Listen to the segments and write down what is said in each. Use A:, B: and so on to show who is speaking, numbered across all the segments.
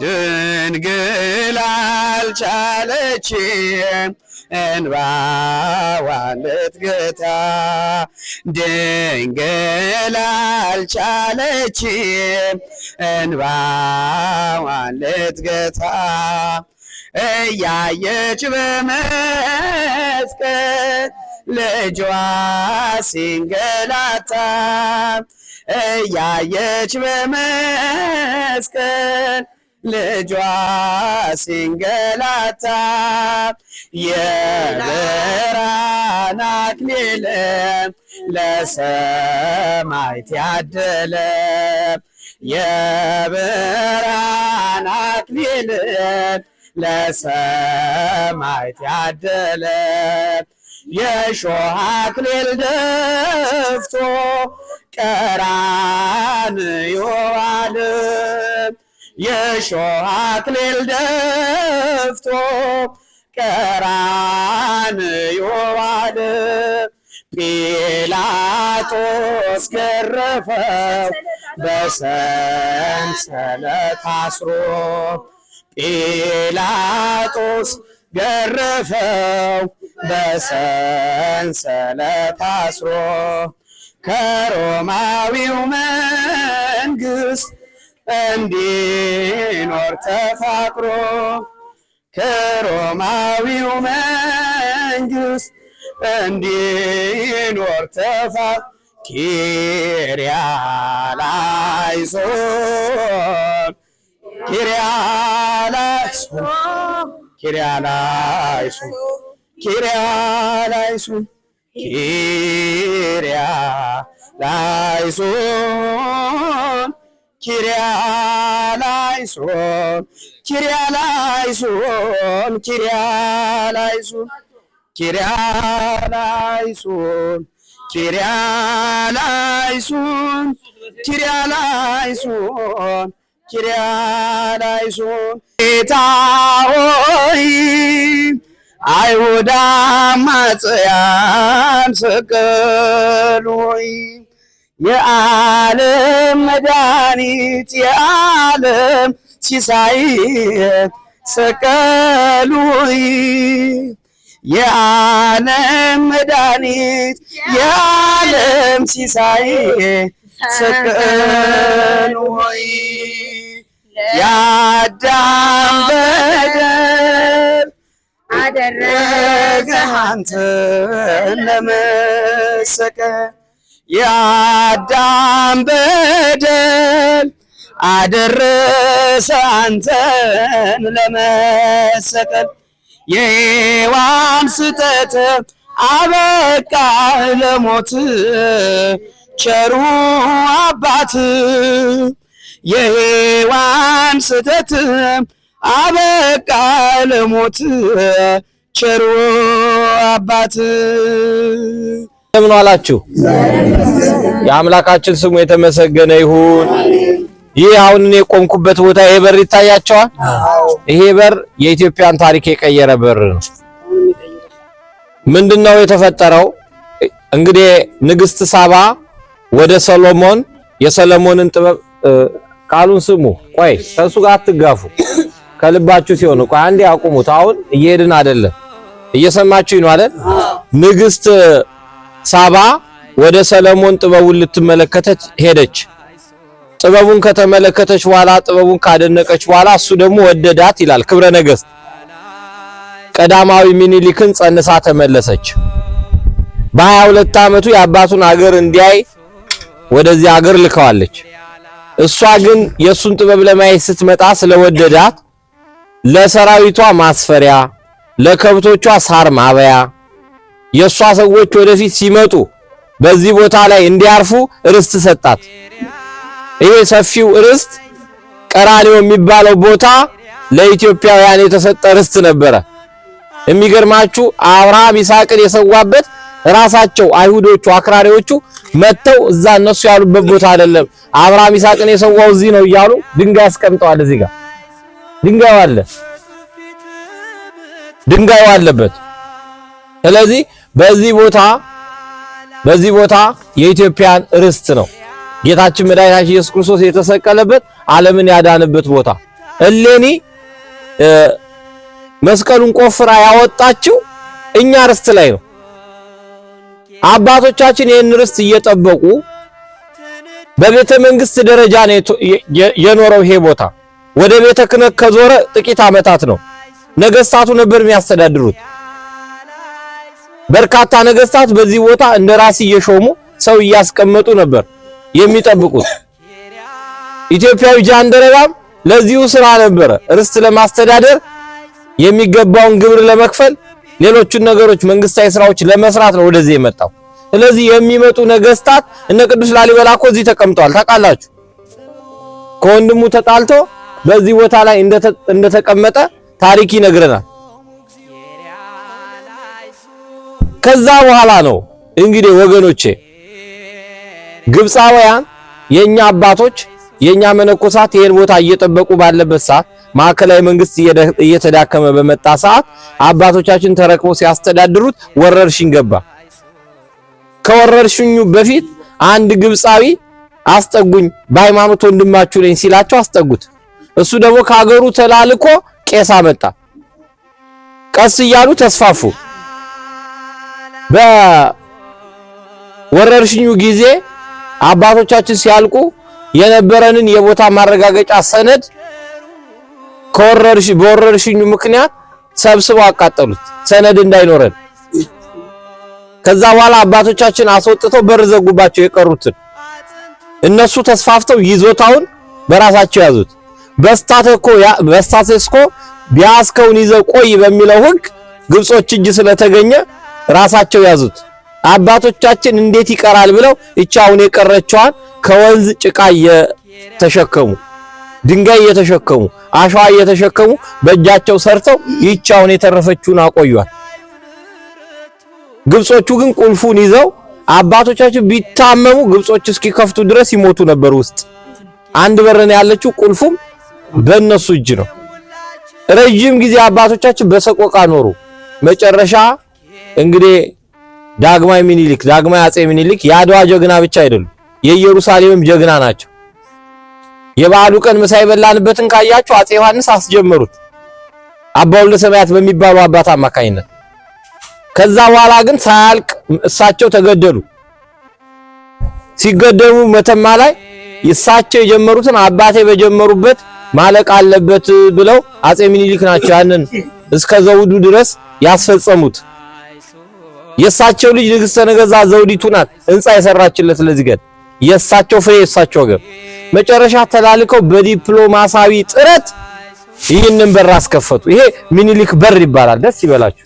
A: ድንግል አልቻለች እንባዋን ልትገታ፣ ድንግል አልቻለች እንባዋን ልትገታ፣ እያየች በመስቀል ልጇ ሲንገላታ እያየች በመስቀል ልጇ ሲንገላታ የብርሃን አክሊል ለሰማዕት ያደለ የብርሃን አክሊል ለሰማዕት ያደለ የሾህ አክሊል ደፍቶ ቀራንዮ ዓለም የሾህ አክሊል ደፍቶ ቀራንዮ ዓለም ጲላጦስ ገረፈው በሰንሰለት አስሮ ጲላጦስ ገረፈው በሰንሰለት አስሮ ከሮማዊው መንግስት እንዲኖር ተፋቅሮ ከሮማዊው መንግስት እንዲኖር ተፋ ኪሪያ ላይሶን ኪሪያ ላይሶን ኪሪያ ላይሶን ኪሪያ ላይሶን ኪሪያ ላይሶን ኪሪያ ላይሶን ኪሪያ ላይሶን ኪሪያ ላይሶን ኪሪያ ላይሶን ኪሪያ ላይሶን ጌታ ሆይ አይሁዳ ማጽያን ስቅል ሆይ የዓለም መድኃኒት የዓለም ሲሳይ ስቅል ሆይ የዓለም መድኃኒት የዓለም ሲሳይ ስቅል ሆይ በደል ያደረገ አንተን ለመሰቀል የአዳም በደል አደረሰ አንተን ለመሰቀል የሔዋን ስህተት አበቃ ለሞት ቸሩ አባት የሔዋን ስህተት አበቃ ለሞት ቸሮ አባት እንደምን አላችሁ። የአምላካችን ስሙ የተመሰገነ ይሁን። ይህ አሁን እኔ የቆምኩበት ቦታ ይሄ በር ይታያቸዋል። ይሄ በር የኢትዮጵያን ታሪክ የቀየረ በር ነው። ምንድነው የተፈጠረው? እንግዲህ ንግስት ሳባ ወደ ሰሎሞን የሰሎሞንን ጥበብ ቃሉን ስሙ። ቆይ ከሱ ጋር አትጋፉ ከልባችሁ ሲሆን እኮ አንዴ አቁሙት። አሁን እየሄድን አይደለም፣ እየሰማችሁ ነው አይደል? ንግስት ሳባ ወደ ሰለሞን ጥበቡን ልትመለከተች ሄደች። ጥበቡን ከተመለከተች በኋላ ጥበቡን ካደነቀች በኋላ እሱ ደግሞ ወደዳት ይላል ክብረ ነገስት ቀዳማዊ ሚኒሊክን ጸንሳ ተመለሰች። በ በ22 ዓመቱ የአባቱን አገር እንዲያይ ወደዚህ አገር ልከዋለች። እሷ ግን የሱን ጥበብ ለማየት ስትመጣ ስለወደዳት ለሰራዊቷ ማስፈሪያ፣ ለከብቶቿ ሳር ማበያ የእሷ ሰዎች ወደፊት ሲመጡ በዚህ ቦታ ላይ እንዲያርፉ ርስት ሰጣት። ይሄ ሰፊው ርስት ቀራንዮ የሚባለው ቦታ ለኢትዮጵያውያን የተሰጠ ርስት ነበረ። የሚገርማችሁ አብርሃም ይስሐቅን የሰዋበት ራሳቸው አይሁዶቹ አክራሪዎቹ መጥተው እዛ እነሱ ያሉበት ቦታ አይደለም። አብርሃም ይስሐቅን የሰዋው እዚህ ነው እያሉ ድንጋይ አስቀምጠዋል እዚህ ጋር ድንጋዩ አለ ድንጋዩ አለበት። ስለዚህ በዚህ ቦታ በዚህ ቦታ የኢትዮጵያን ርስት ነው ጌታችን መድኃኒታችን ኢየሱስ ክርስቶስ የተሰቀለበት ዓለምን ያዳነበት ቦታ እሌኒ መስቀሉን ቆፍራ ያወጣችው እኛ ርስት ላይ ነው። አባቶቻችን ይህን ርስት እየጠበቁ በቤተ መንግስት ደረጃ ነው የኖረው ይሄ ቦታ። ወደ ቤተ ክህነት ከዞረ ጥቂት ዓመታት ነው። ነገስታቱ ነበር የሚያስተዳድሩት። በርካታ ነገስታት በዚህ ቦታ እንደ ራስ እየሾሙ ሰው እያስቀመጡ ነበር የሚጠብቁት። ኢትዮጵያዊ ጃንደረባም ለዚሁ ስራ ነበረ ርስት ለማስተዳደር የሚገባውን ግብር ለመክፈል ሌሎቹን ነገሮች መንግስታዊ ስራዎች ለመስራት ነው ወደዚህ የመጣው። ስለዚህ የሚመጡ ነገስታት እነ ቅዱስ ላሊበላ እኮ እዚህ ተቀምጠዋል። ታውቃላችሁ ከወንድሙ ተጣልቶ በዚህ ቦታ ላይ እንደተቀመጠ ታሪክ ይነግረናል። ከዛ በኋላ ነው እንግዲህ ወገኖቼ ግብፃውያን የኛ አባቶች የኛ መነኮሳት ይሄን ቦታ እየጠበቁ ባለበት ሰዓት ማዕከላዊ መንግስት እየተዳከመ በመጣ ሰዓት አባቶቻችን ተረክበው ሲያስተዳድሩት ወረርሽኝ ገባ። ከወረርሽኙ በፊት አንድ ግብፃዊ አስጠጉኝ፣ በሃይማኖት ወንድማችሁ ነኝ ሲላቸው አስጠጉት። እሱ ደግሞ ከሀገሩ ተላልኮ ቄስ አመጣ። ቀስ እያሉ ተስፋፉ። በወረርሽኙ ጊዜ አባቶቻችን ሲያልቁ የነበረንን የቦታ ማረጋገጫ ሰነድ በወረርሽኙ ምክንያት ሰብስበው አቃጠሉት፣ ሰነድ እንዳይኖረን። ከዛ በኋላ አባቶቻችን አስወጥተው በር ዘጉባቸው። የቀሩትን እነሱ ተስፋፍተው ይዞታውን በራሳቸው ያዙት። በስታተኮ በስታተስኮ ቢያስከውን ይዘ ቆይ በሚለው ሕግ ግብጾች እጅ ስለተገኘ ራሳቸው ያዙት። አባቶቻችን እንዴት ይቀራል ብለው እቺ አሁን የቀረችዋን ከወንዝ ጭቃ እየተሸከሙ ድንጋይ እየተሸከሙ አሸዋ እየተሸከሙ በእጃቸው ሰርተው ይቺ አሁን የተረፈችውን አቆዩዋል። ግብጾቹ ግን ቁልፉን ይዘው አባቶቻችን ቢታመሙ ግብጾች እስኪከፍቱ ድረስ ይሞቱ ነበር። ውስጥ አንድ በር ነው ያለችው ቁልፉም በእነሱ እጅ ነው። ረጅም ጊዜ አባቶቻችን በሰቆቃ ኖሩ። መጨረሻ እንግዲህ ዳግማዊ ሚኒሊክ ዳግማዊ አጼ ሚኒሊክ የአድዋ ጀግና ብቻ አይደሉም፣ የኢየሩሳሌምም ጀግና ናቸው። የበዓሉ ቀን ምሳ የበላንበትን ካያችሁ አጼ ዮሐንስ አስጀመሩት አባ ወልደ ሰማያት በሚባሉ አባት አማካኝነት። ከዛ በኋላ ግን ሳያልቅ እሳቸው ተገደሉ። ሲገደሉ መተማ ላይ እሳቸው የጀመሩትን አባቴ በጀመሩበት ማለቅ አለበት ብለው አጼ ሚኒሊክ ናቸው ያንን እስከ ዘውዱ ድረስ ያስፈጸሙት። የእሳቸው ልጅ ንግሥተ ነገዛ ዘውዲቱ ናት ህንጻ የሰራችለት ለዚህ ገድ የእሳቸው ፍሬ የእሳቸው ገብ መጨረሻ ተላልከው በዲፕሎማሳዊ ጥረት ይህንን በር አስከፈቱ። ይሄ ሚኒሊክ በር ይባላል። ደስ ይበላችሁ።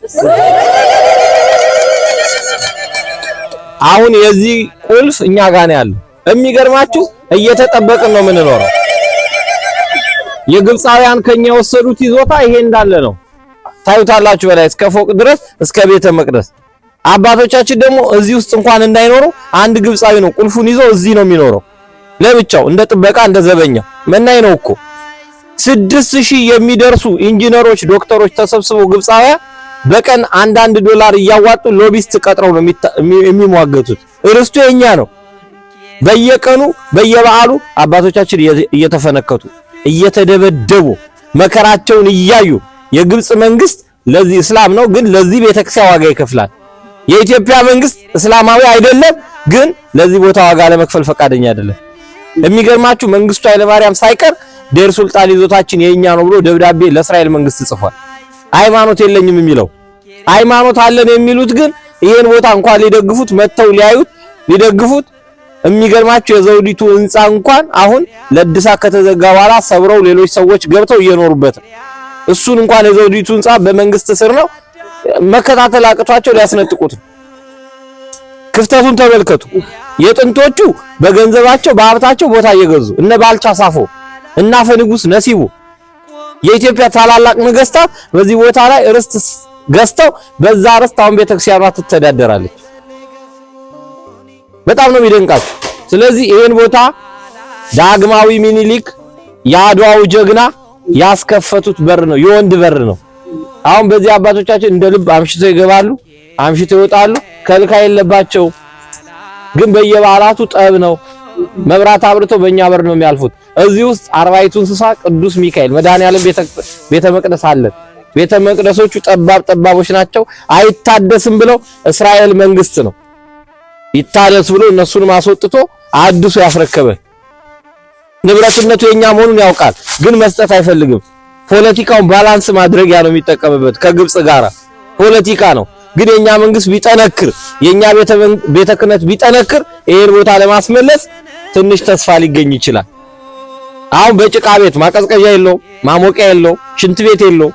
A: አሁን የዚህ ቁልፍ እኛ ጋር ነው ያለው። የሚገርማችሁ እየተጠበቅን ነው የምንኖረው። የግብፃውያን ከኛ የወሰዱት ይዞታ ይሄ እንዳለ ነው። ታዩታላችሁ በላይ እስከ ፎቅ ድረስ እስከ ቤተ መቅደስ። አባቶቻችን ደግሞ እዚህ ውስጥ እንኳን እንዳይኖሩ አንድ ግብፃዊ ነው ቁልፉን ይዞ እዚህ ነው የሚኖረው ለብቻው እንደ ጥበቃ እንደ ዘበኛ መናይ ነው እኮ። ስድስት ሺህ የሚደርሱ ኢንጂነሮች፣ ዶክተሮች ተሰብስበው ግብፃውያን በቀን አንዳንድ ዶላር እያዋጡ ሎቢስት ቀጥረው ነው የሚሟገቱት። እርስቱ የኛ ነው። በየቀኑ በየበዓሉ አባቶቻችን እየተፈነከቱ እየተደበደቡ መከራቸውን እያዩ የግብጽ መንግስት ለዚህ እስላም ነው ግን ለዚህ ቤተክርስቲያን ዋጋ ይከፍላል። የኢትዮጵያ መንግስት እስላማዊ አይደለም ግን ለዚህ ቦታ ዋጋ ለመክፈል ፈቃደኛ አይደለም። የሚገርማችሁ መንግስቱ ኃይለማርያም ሳይቀር ዴር ሱልጣን ይዞታችን የኛ ነው ብሎ ደብዳቤ ለእስራኤል መንግስት ጽፏል። ሃይማኖት የለኝም የሚለው ሃይማኖት አለን የሚሉት ግን ይሄን ቦታ እንኳን ሊደግፉት መጥተው ሊያዩት ሊደግፉት የሚገርማቸው የዘውዲቱ ህንፃ እንኳን አሁን ለእድሳ ከተዘጋ በኋላ ሰብረው ሌሎች ሰዎች ገብተው እየኖሩበት ነው። እሱን እንኳን የዘውዲቱ ህንፃ በመንግስት ስር ነው፣ መከታተል አቅቷቸው ሊያስነጥቁት ነው። ክፍተቱን ተመልከቱ። የጥንቶቹ በገንዘባቸው በሀብታቸው ቦታ እየገዙ እነ ባልቻ ሳፎ እና ፈንጉስ ነሲቡ የኢትዮጵያ ታላላቅ ነገስታት በዚህ ቦታ ላይ ርስት ገዝተው በዛ ርስት አሁን ቤተክርስቲያኗ ትተዳደራለች። በጣም ነው የሚደንቃችሁ። ስለዚህ ይሄን ቦታ ዳግማዊ ሚኒሊክ የአድዋው ጀግና ያስከፈቱት በር ነው፣ የወንድ በር ነው። አሁን በዚህ አባቶቻችን እንደ ልብ አምሽተው ይገባሉ፣ አምሽተው ይወጣሉ። ከልካ የለባቸው ግን በየበዓላቱ ጠብ ነው። መብራት አብርተው በእኛ በር ነው የሚያልፉት። እዚህ ውስጥ አርባይቱ እንስሳ ቅዱስ ሚካኤል መድኃኔዓለም ቤተ መቅደስ አለን። ቤተ መቅደሶቹ ጠባብ ጠባቦች ናቸው፣ አይታደስም ብለው እስራኤል መንግስት ነው ይታረስ ብሎ እነሱን ማስወጥቶ አድሶ ያስረከበ ንብረትነቱ የኛ መሆኑን ያውቃል፣ ግን መስጠት አይፈልግም። ፖለቲካውን ባላንስ ማድረጊያ ነው የሚጠቀምበት ከግብጽ ጋር ፖለቲካ ነው። ግን የኛ መንግስት ቢጠነክር፣ የኛ ቤተ ክህነት ቢጠነክር ይሄን ቦታ ለማስመለስ ትንሽ ተስፋ ሊገኝ ይችላል። አሁን በጭቃ ቤት ማቀዝቀዣ የለውም፣ ማሞቂያ የለውም፣ ሽንት ቤት የለውም።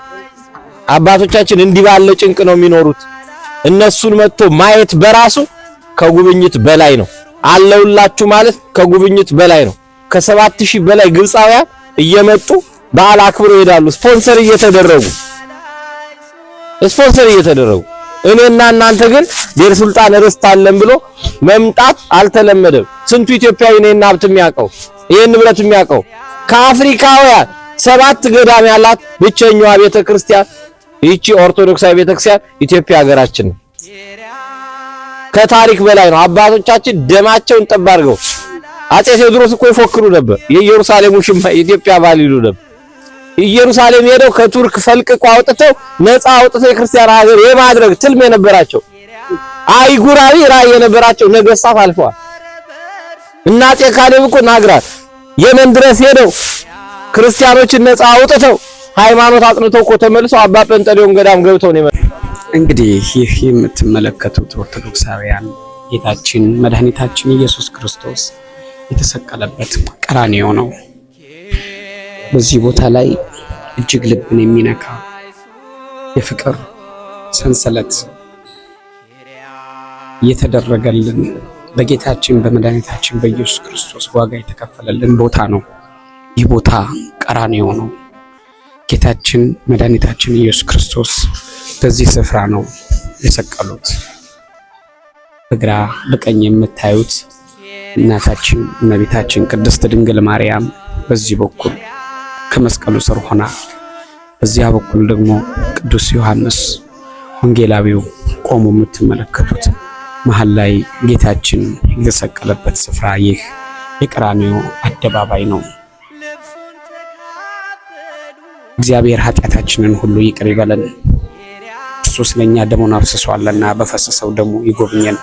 A: አባቶቻችን እንዲህ ባለ ጭንቅ ነው የሚኖሩት። እነሱን መጥቶ ማየት በራሱ ከጉብኝት በላይ ነው። አለውላችሁ ማለት ከጉብኝት በላይ ነው። ከሰባት ሺህ በላይ ግብፃውያን እየመጡ በዓል አክብረው ይሄዳሉ። ስፖንሰር እየተደረጉ ስፖንሰር እየተደረጉ እኔና እናንተ ግን ዴር ሱልጣን ርስት አለን ብሎ መምጣት አልተለመደም። ስንቱ ኢትዮጵያዊ እኔና ሀብት የሚያውቀው ይሄን ንብረት የሚያውቀው ከአፍሪካውያን ሰባት ገዳም ያላት ብቸኛዋ ቤተክርስቲያን ይቺ ኦርቶዶክሳዊ ቤተክርስቲያን ኢትዮጵያ ሀገራችን ነው። ከታሪክ በላይ ነው። አባቶቻችን ደማቸውን ጠብ አድርገው አጼ ቴዎድሮስ እኮ ይፎክሩ ነበር። የኢየሩሳሌም ሽማ የኢትዮጵያ ባል ይሉ ነበር። ኢየሩሳሌም ሄደው ከቱርክ ፈልቅቆ አውጥተው ነፃ አውጥተው የክርስቲያን ሀገር የማድረግ ትልም የነበራቸው አይጉራዊ ራይ የነበራቸው ነገስታት አልፈዋል። እና አፄ ካሌብ እኮ ናግራት የመን ድረስ ሄደው ክርስቲያኖችን ነፃ አውጥተው ሃይማኖት አጥንቶ እኮ ተመልሶ አባ ጴንጠሌዎን ገዳም ገብተው ነው። እንግዲህ ይህ የምትመለከቱት ኦርቶዶክሳውያን ጌታችን መድኃኒታችን ኢየሱስ ክርስቶስ የተሰቀለበት ቀራንዮ ነው። በዚህ ቦታ ላይ እጅግ ልብን የሚነካ የፍቅር ሰንሰለት የተደረገልን በጌታችን በመድኃኒታችን በኢየሱስ ክርስቶስ ዋጋ የተከፈለልን ቦታ ነው። ይህ ቦታ ቀራንዮ ነው። ጌታችን መድኃኒታችን ኢየሱስ ክርስቶስ በዚህ ስፍራ ነው የሰቀሉት። በግራ በቀኝ የምታዩት እናታችን እመቤታችን ቅድስት ድንግል ማርያም በዚህ በኩል ከመስቀሉ ስር ሆና፣ በዚያ በኩል ደግሞ ቅዱስ ዮሐንስ ወንጌላዊው ቆሞ የምትመለከቱት መሀል ላይ ጌታችን የተሰቀለበት ስፍራ ይህ የቀራንዮ አደባባይ ነው። እግዚአብሔር ኃጢአታችንን ሁሉ ይቅር ይበለን። እርሱ ስለኛ ደሙን አፍስሷልና በፈሰሰው ደሙ ይጎብኘን።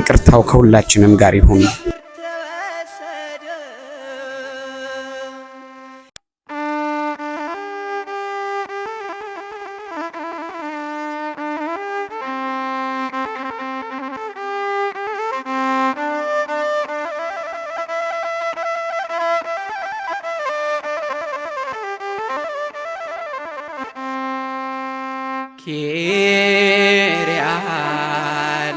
A: ይቅርታው ከሁላችንም ጋር ይሁን።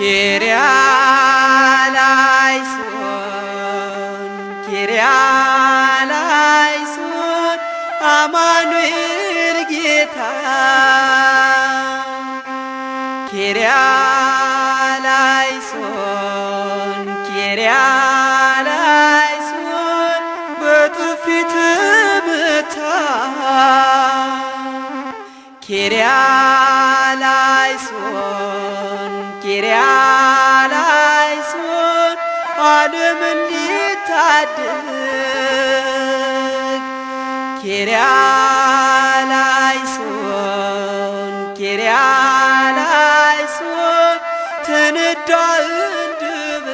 A: ኪርያላይሶን ኪርያላይሶን አማኑኤል ዓለም እንድታድግ ኪርያላይሶን ኪርያላይሶን ትንዳ እንድብ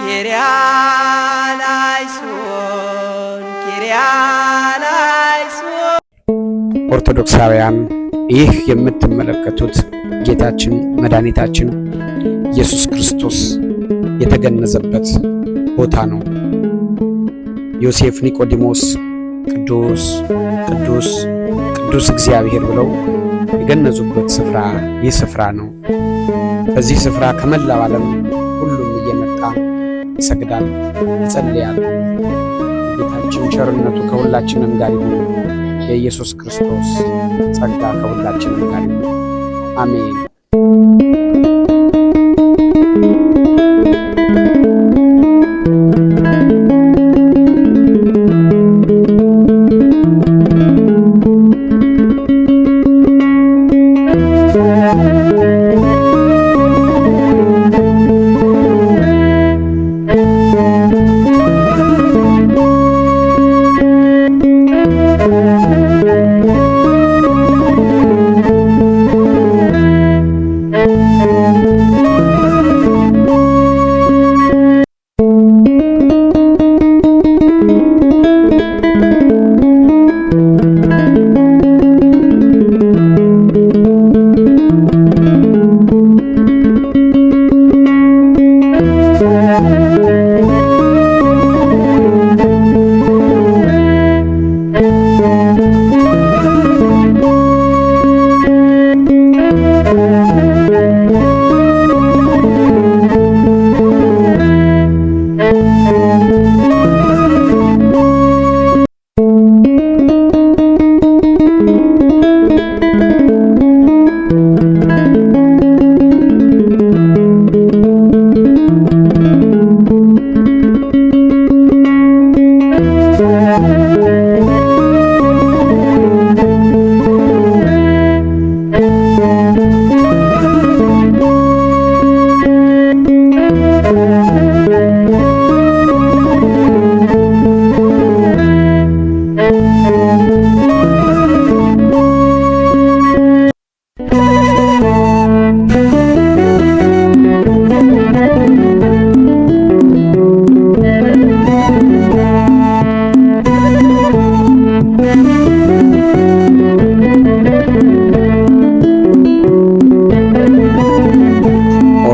A: ኪርያላይሶን ኪርያላይሶን ኦርቶዶክሳውያን ይህ የምትመለከቱት ጌታችን መድኃኒታችን ኢየሱስ ክርስቶስ የተገነዘበት ቦታ ነው። ዮሴፍ፣ ኒቆዲሞስ ቅዱስ ቅዱስ ቅዱስ እግዚአብሔር ብለው የገነዙበት ስፍራ ይህ ስፍራ ነው። በዚህ ስፍራ ከመላው ዓለም ሁሉም እየመጣ ይሰግዳል፣ ይጸልያል። ጌታችን ቸርነቱ ከሁላችንም ጋር ይሁን። የኢየሱስ ክርስቶስ ጸጋ ከሁላችንም ጋር ይሁን። አሜን።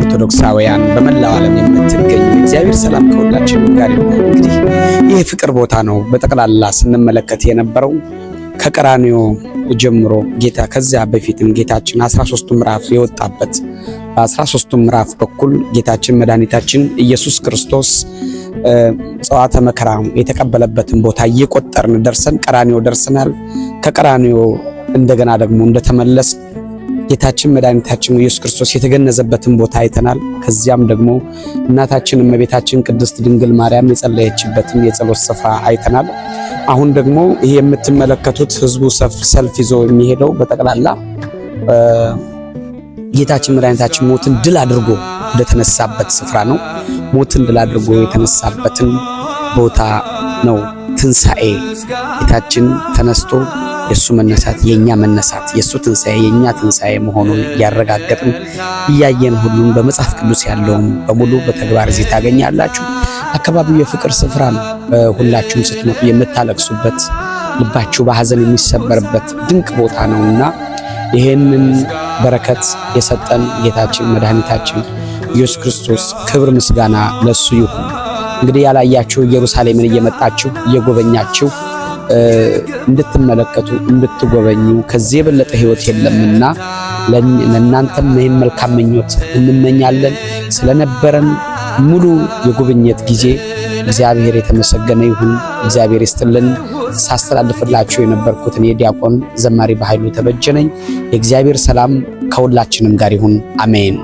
A: ኦርቶዶክሳውያን በመላው ዓለም የምትገኝ እግዚአብሔር ሰላም ከሁላችን ጋር ይሁን። እንግዲህ ይህ ፍቅር ቦታ ነው። በጠቅላላ ስንመለከት የነበረው ከቀራኒዮ ጀምሮ ጌታ ከዚያ በፊትም ጌታችን 13ቱ ምዕራፍ የወጣበት በ13ቱ ምዕራፍ በኩል ጌታችን መድኃኒታችን ኢየሱስ ክርስቶስ ጸዋተ መከራ የተቀበለበትን ቦታ እየቆጠርን ደርሰን ቀራኒዮ ደርሰናል። ከቀራኒዮ እንደገና ደግሞ እንደተመለስ ጌታችን መድኃኒታችን ኢየሱስ ክርስቶስ የተገነዘበትን ቦታ አይተናል። ከዚያም ደግሞ እናታችን እመቤታችን ቅድስት ድንግል ማርያም የጸለየችበትን የጸሎት ስፍራ አይተናል። አሁን ደግሞ ይህ የምትመለከቱት ህዝቡ ሰልፍ ይዞ የሚሄደው በጠቅላላ ጌታችን መድኃኒታችን ሞትን ድል አድርጎ ወደተነሳበት ስፍራ ነው። ሞትን ድል አድርጎ የተነሳበትን ቦታ ነው። ትንሣኤ ጌታችን ተነስቶ የእሱ መነሳት የእኛ መነሳት፣ የእሱ ትንሣኤ የእኛ ትንሣኤ መሆኑን እያረጋገጥን እያየን ሁሉም በመጽሐፍ ቅዱስ ያለውም በሙሉ በተግባር እዚህ ታገኛላችሁ። አካባቢው የፍቅር ስፍራ ነው። ሁላችሁም ስትመጡ የምታለቅሱበት፣ ልባችሁ በሐዘን የሚሰበርበት ድንቅ ቦታ ነውና ይህንን በረከት የሰጠን ጌታችን መድኃኒታችን ኢየሱስ ክርስቶስ ክብር ምስጋና ለሱ ይሁን። እንግዲህ ያላያችሁ ኢየሩሳሌምን እየመጣችሁ እየጎበኛችሁ እንድትመለከቱ እንድትጎበኙ ከዚህ የበለጠ ህይወት የለምና ለእናንተም ይህን መልካም ምኞት እንመኛለን። ስለነበረን ሙሉ የጉብኝት ጊዜ እግዚአብሔር የተመሰገነ ይሁን። እግዚአብሔር ይስጥልን። ሳስተላልፍላችሁ የነበርኩት እኔ ዲያቆን ዘማሪ በኃይሉ ተበጀነኝ። የእግዚአብሔር ሰላም ከሁላችንም ጋር ይሁን። አሜን።